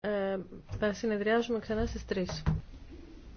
Ε, θα συνεδριάσουμε ξανά στις 3.